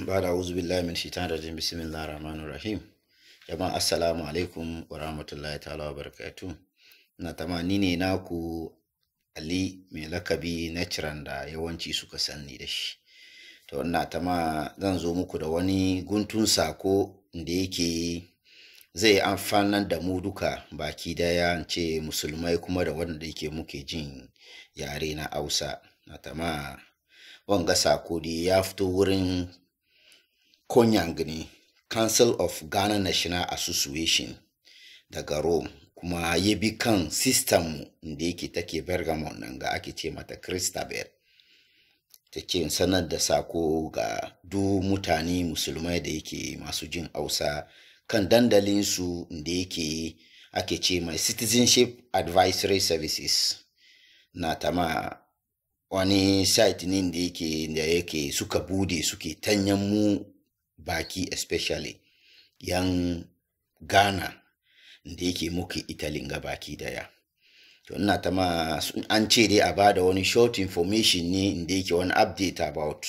ba da billahi min shaitan rajim rahman ar rahim jama'a assalamu alaikum wa rahmatullahi ta'ala wa barakatu na tamani ne naku ali mai lakabi na ciran da yawanci suka sanni da shi to ina tama zan zo muku da wani guntun sako da yake zai amfanar da mu duka baki daya ce musulmai kuma da wanda yake muke jin yare na hausa na tama wanga sako ya fito wurin Konyang ne Council of Ghana National Association daga Rome kuma ya bi kan sistem da yake take Bergamo nan ga ake ce mata Christabel take sanar da sako ga du mutane musulmai da yake masu jin ausa kan dandalinsu da yake ake ce mai Citizenship Advisory Services na tama wani site ne da yake da yake suka bude suke tanyan mu baki especially yan ghana da yake muke italin ga baki daya to ina ta ma an ce dai a bada wani short information ne da yake wani update about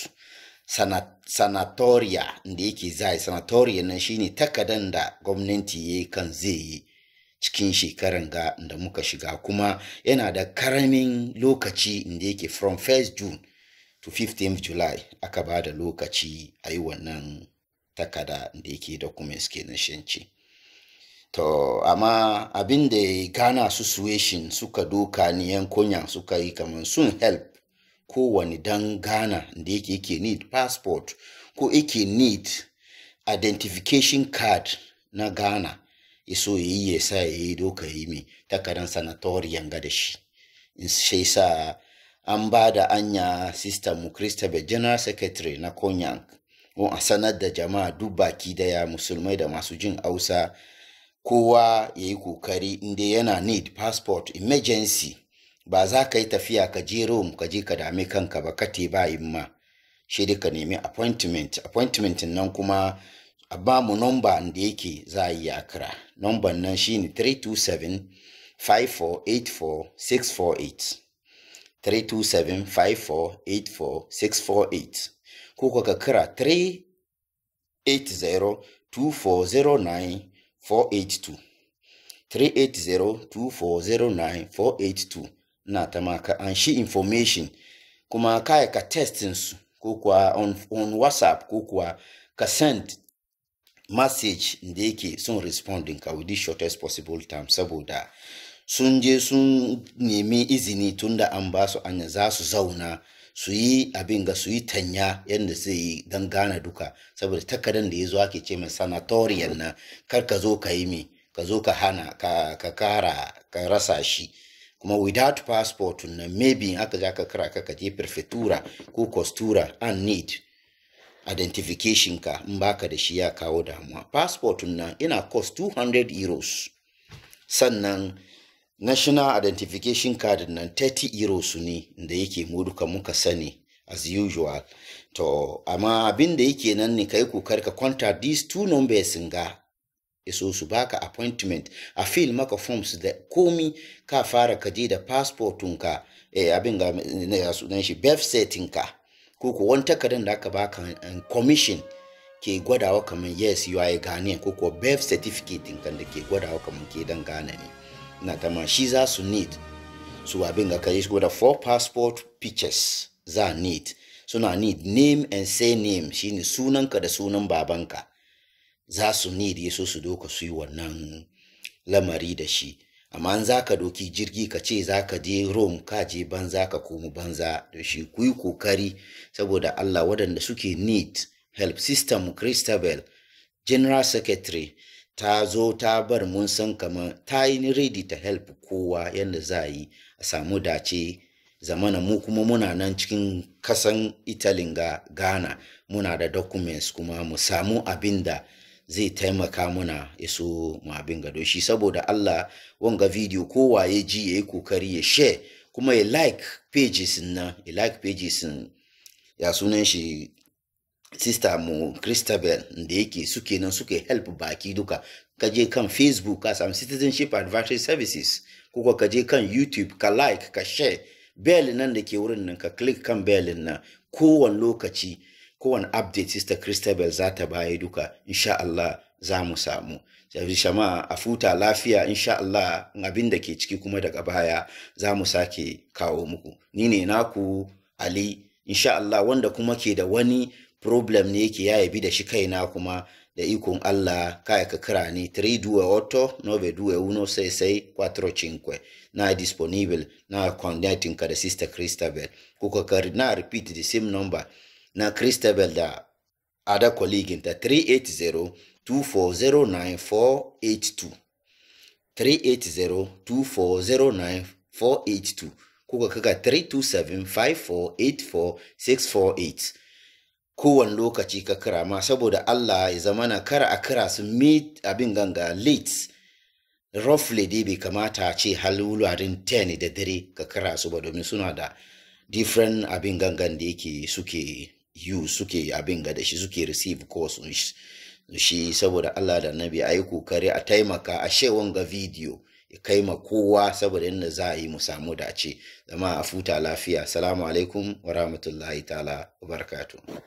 sanatoria da yake zai sanatoria nan shine takadan da gwamnati ya kan zai yi cikin shekaran ga da muka shiga kuma yana da karamin lokaci da yake from 1st june to 15th july aka bada lokaci a yi wannan takada da yake documents kenan shanci to amma abin da su association suka doka niyan konya suka yi kamar sun help ko kowane dan gana da yake yake need passport ko yake need identification card na ghana iso ya yi ya sa ya yi doka yi mai takarar sanatoriyan ga da shi shi sa an ba da anya Sista mu general secretary na konyank ko a sanar da jama'a duk baki daya musulmai da masu jin hausa kowa ya yi kokari inda yana need passport emergency ba za ka yi tafiya ka je rome ka je ka dami kanka ba ka ba imma shi dai ka nemi appointment appointment nan kuma a ba mu nomba da yake za a yi akira nomba nan shine 327 5484 327 5484 648 ko kuwa ka kira 380-2409-482 380-2409-482 na ta maka an shi information kuma kaya ka testinsu ko kuwa on, on whatsapp ko kuwa ka send message da yake sun responding ka with the shortest possible time saboda sun je sun nemi izini tunda an ba su anya za su zauna su yi abin ga su yi tanya yadda zai yi don gane duka saboda takardar da ya zo ake ce mai sanatoriyan na kar ka zo ka yi mi ka zo ka hana ka ka kara ka rasa shi kuma without passport na maybe aka za ka kira ka je prefectura ko costura and need identification ka in baka da shi ya kawo damuwa passport na ina cost 200 euros sannan national identification card nan 30 euros ne da yake mu duka muka sani as usual to amma abin da yake nan ne kai kokar ka contact these two numbers ga iso su baka appointment a fill maka forms da komi ka fara kaje je da passportunka eh abin ga ne eh, sunan shi birth setinka ko ko wani takardar da aka baka eh, commission ke gwadawa kamar yes you are a Ghanaian ko ko birth certificate kan da ke gwadawa kamar ke dan Ghana na tama shi za su need su abin ga kare shi da four passport pictures za need suna so need name and say name shine sunanka da sunan babanka za su need yeso su doka su yi wannan lamari da shi amma an za ka doki jirgi ka ce za ka je rome ka je banza ka komu banza da shi ku yi kokari saboda allah waɗanda suke need help system christabel general secretary ta zo ta bar mun san kamar ta yi ready ta help kowa yadda za a yi a samu dace zamana mu kuma muna nan cikin kasan italin ga ghana muna da documents kuma mu samu abin da zai taimaka muna iso mu abin gado shi saboda allah wanga video kowa ya ji ya yi kokari ya share kuma ya like pages na ya like pages ya sunan shi sista mu christabel da yake suke nan suke help baki duka kaje kan facebook ka samu citizenship advisory services ko kaje kan youtube ka like ka share bell nan da ke wurin nan ka click kan bell nan kowane lokaci kowane update sister christabel za ta baya duka insha Allah za mu samu shama a futa lafiya insha Allah abin da ke ciki kuma daga baya za mu sake kawo muku ni ne naku ali insha Allah wanda kuma ke da wani problem ne yake ya yabi da shi kaina kuma da ikon Allah kai ka kira ni 328-921 sai sai 45 na disponible na connecting ka da sister Christabel kuka ka na repeat the same number na Christabel da ada colleague ta 3802409482 380 kuka kaka 327 kowane lokaci ka kira ma saboda Allah ya zama na kar a kira su meet abin ganga late roughly dai bai kamata a ce halularin ten da dare ka kira su ba domin suna da different abin gangan da yake suke yu suke abin ga da shi suke receive course shi saboda Allah da nabi a yi kokari a taimaka a shewan ga video ya kai ma kowa saboda yadda za a yi mu samu dace zama a futa lafiya salamu alaikum wa rahmatullahi ta'ala wa barakatuh